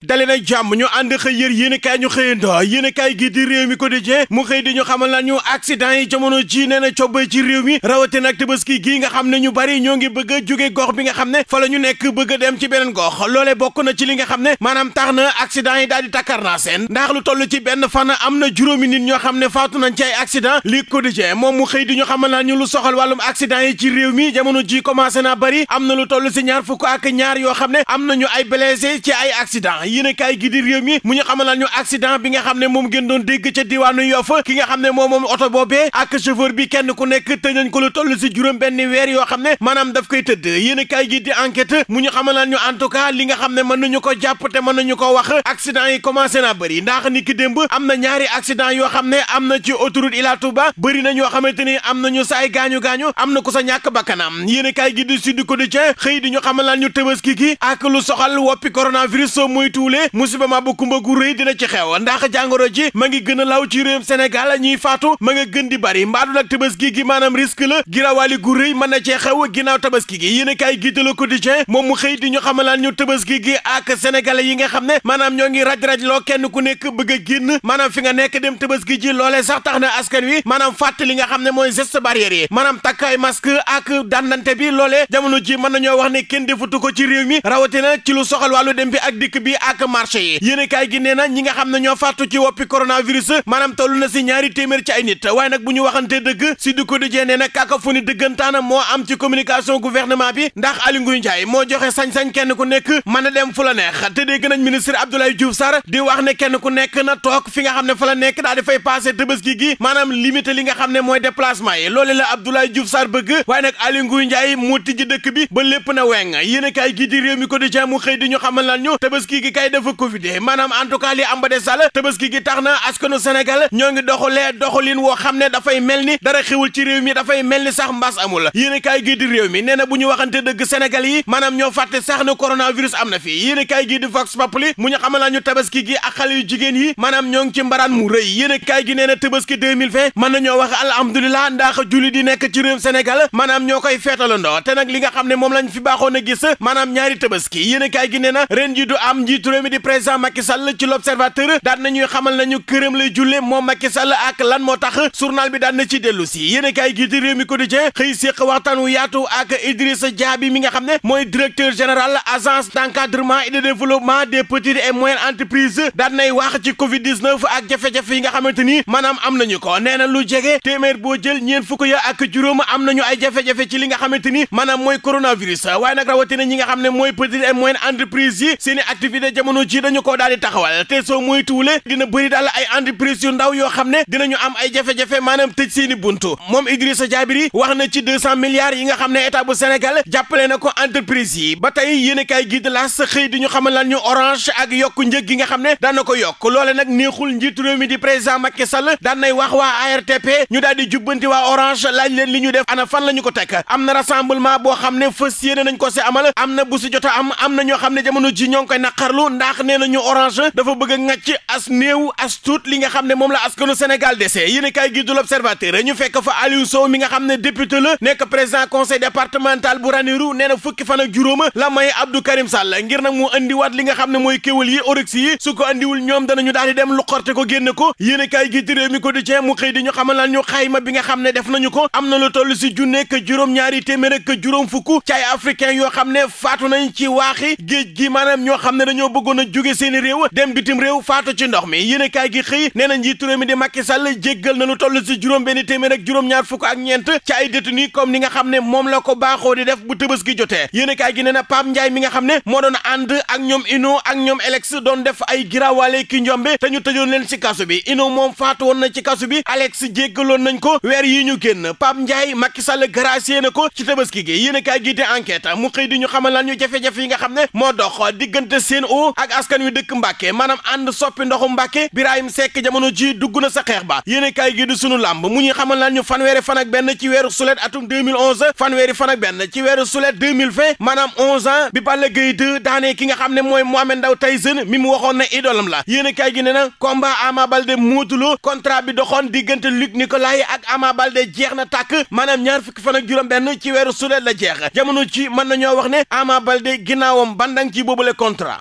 dali nag jàmm ñu ànd xëy yër yéenekaay ñu xëyandoo yéenekaay gi di réew mi quotidien mu xëy di ñu xamal na ñu accident yi jamono ji nee na cobbay ci réew mi rawate nag tabaski gi nga xam ne ñu bari ñoo ngi bëgg a jóge gox bi nga xam ne fa ñu nekk bëgg dem ci beneen gox loolee bokk na ci li nga xam ne maanaam tax na accident yi daal di takkar naa seen ndax lu toll ci benn fan am na juróomi nit ñoo xam ne faatu nañ ci ay accident li quotidien moom mu xëy di ñu xamal na ñu lu soxal wàllum accident yi ci réew mi jamono ji commencé naa bari am toll si ñaar fukk ak ñaar yoo xam ne am nañu ay blessé ci ay accident yéen kaay gi di réew mi mu ñu xamal ñu accident bi nga xam ne moom ngeen doon dégg ca diwaanu Yoff ki nga xam ne moom moom oto boobee ak chauffeur bi kenn ku nekk tëj nañ ko la toll si juróom benn weer yoo xam ne maanaam daf koy tëdd yéen kaay gi di enquête mu ñu xamal ñu en tout cas li nga xam ne mën nañu ko jàpp te mën nañu ko wax accident yi commencé naa bëri ndax ni ki démb am na ñaari accident yoo xam ne am na ci autoroute Ila ba bëri na ñoo xamante ni am nañu saay gaañu-gaañu am na ku sa ñàkk bakkanam yéen kaay gi di Sud Quotidien xëy di ñu xamal ñu Tabaski gi ak lu soxal woppi coronavirus moytu moytuwulee musiba ma bu kumba gu rëy dina ci xew ndax jàngoro ji ma ngi gën a law ci réewum Sénégal ñuy faatu ma nga gën di bari mbaadu nag tabaski gi maanaam risque la girawaali gu rëy mën na cee xew ginnaaw gi yéen a kaay gi de Le Quotidien moom di ñu xamalaan ñu tabaski gi ak sénégalais yi nga xam ne maanaam ñoo ngi raj-raj loo kenn ku nekk bëgg a génn maanaam fi nga nekk dem tabaski ji loolee sax tax na askan wi maanaam fàtt li nga xam ne mooy geste barrière yi maanaam takkaay masque ak dandante bi loolee jamono ji mën wax ne kenn defutu ko ci réew mi rawatina ci lu ak marché yi yéen kaay gi nee na ñi nga xam ne ñoo fàttu ci woppi coronavirus maanaam toll na si ñaari téeméer ci ay nit waaye nag bu ñu waxante dëgg si du quotidien nee na cacophonie dëggantaan moo am ci communication gouvernement bi ndax Aly Ngouille Ndiaye moo joxe sañ-sañ kenn ku nekk mën na dem fu la neex te dégg nañ ministre Abdoulaye Diouf Sarr di wax ne kenn ku nekk na toog fi nga xam ne fa la nekk daal di fay passé Tabaski gi maanaam limité li nga xam ne mooy déplacement yi loole la Abdoulaye Diouf Sarr bëgg waaye nag Aly Ngouille Ndiaye dëkk bi ba lépp na weng yéen kaay gi di réew mi quotidien mu xëy di ñu xamal lan ñu Tabaski gi kay dafa covidé maanaam en tout cas li am ba des sall tabaski gi tax na askanu Sénégal ñoo ngi doxalee doxalin woo xam ne dafay mel ni dara xewul ci réew mi dafay mel ni sax mbaas amul yéen a kaay gii di réew mi nee na bu ñu waxante dëgg Sénégal yi maanaam ñoo fàtte sax ne coronavirus am na fii yéen a kaay gii di Vox Populi mu ñu xamal la ñu tabaski gi ak xale jigéen yi maanaam ñoo ngi ci mbaraan mu rëy yéen a kaay gi nee na tabaski 2020 mën na ñoo wax alhamdulilah ndax julli di nekk ci réew Sénégal maanaam ñoo koy feetalandoo te nag li nga xam moom lañ fi baaxoon gis maanaam ñaari tabaski yéen a kaay gi na ren ji njiitu réew mi di président Macky Sall ci l'observateur daan nañuy xamal nañu këram lay julle moom Macky Sall ak lan moo tax journal bi daan na ci dellu si yéen a kaay gii di réew mi quotidien xëy séq waxtaan ak Idrissa Diaby mi nga xam ne mooy directeur général agence d'encadrement et de développement des petites et moyennes entreprises daan nay wax ci Covid 19 ak jafe-jafe yi nga xamante ni maanaam am nañu ko nee na lu jege téeméer boo jël ñeent fukk ak juróom am nañu ay jafe-jafe li nga xamante ni maanaam mooy coronavirus waaye nag jamono ji dañu ko daal di taxawal te soo muy tuule dina bëri daal ay entreprise yu ndaw yoo xam ne dinañu am ay jafe-jafe maanaam tëj seeni buntu moom Idrissa Diabiri wax na ci deux cent milliards yi nga xam ne état bu Sénégal jàppale na ko entreprise yi ba tey yéen a kaay gi de la sa xëy di ñu xamal lan ñu orange ak yokku njëg gi nga xam ne daan na ko yokk loole nag neexul njiitu réew mi di président Macky Sall daan nay wax waa ARTP ñu daal di jubbanti waa orange laaj leen li ñu def ana fan la ñu ko teg am na rassemblement boo xam ne fas yéene nañ ko si am na bu si am am na ñoo xam ne jamono ji ñoo ngi ndax nee nañu orange dafa bëgg a ŋàcc as néew as tuut li nga xam ne moom la askanu Sénégal dese yéen kaay gi du l'observateur ñu fekk fa Aliou Sow mi nga xam ne député la nekk président conseil départemental bu Ranérou nee fukki fan ak juróoma la may Karim Sall ngir nag mu andiwaat li nga xam ne mooy kéwal yi orex yi su ko andiwul ñoom danañu daal di dem lu xorte ko génn ko yéen kaay gi di réew mi mu xëy di ñu xamal lan ñu xayma bi nga dañoo bëggoon a jóge seeni réew dem bitim réew faatu ci ndox mi yéen a kaay gi xëy nee na njiitu réew mi di Macky Sall jéggal na lu toll si juróom benn téeméer ak juróom-ñaar fukk ak ñeent ci ay détenu comme ni nga xam ne moom la ko baaxoo di def bu tëbës gi jotee yéen a gi nee na Pape Ndiaye mi nga xam ne moo doon ànd ak ñoom Ino ak ñoom Alex doon def ay giraawaale ki njombe te ñu tëjoon leen si kasu bi Ino moom faatu woon na ci kasu bi Alex jéggaloon nañ ko weer yi ñu génn Pape Ndiaye Macky Sall gracié na ko ci tëbës gi yéen a kaay gi di enquête mu xëy di ñu xamal lan ñu jafe-jafe yi nga xam ne moo dox diggante seen Sonko ak askan wi dëkk Mbàkke maanaam ànd soppi ndoxu Mbàkke Birahim Seck jamono ji dugg na sa xeex ba yéene kaay gi di sunu làmb mu ñuy xamal naan ñu fanweeri fan ak benn ci weeru sulet atum 2011 fanweeri fan ak benn ci weeru sulet 2020 maanaam 11 ans bi Balla Gaye 2 daanee ki nga xam ne mooy ame ndaw Ndao Tyson mi mu waxoon ne idolam la yéene kaay gi ne na combat Ama Baldé Modou Lô contrat bi doxoon diggante Luc Nicolaï ak Ama jeex na tàkk maanaam ñaar fukki fan ak juróom benn ci weeru sulet la jeex jamono ji mën nañoo wax ne Ama Baldé ginnaawam bandang ci boobule contrat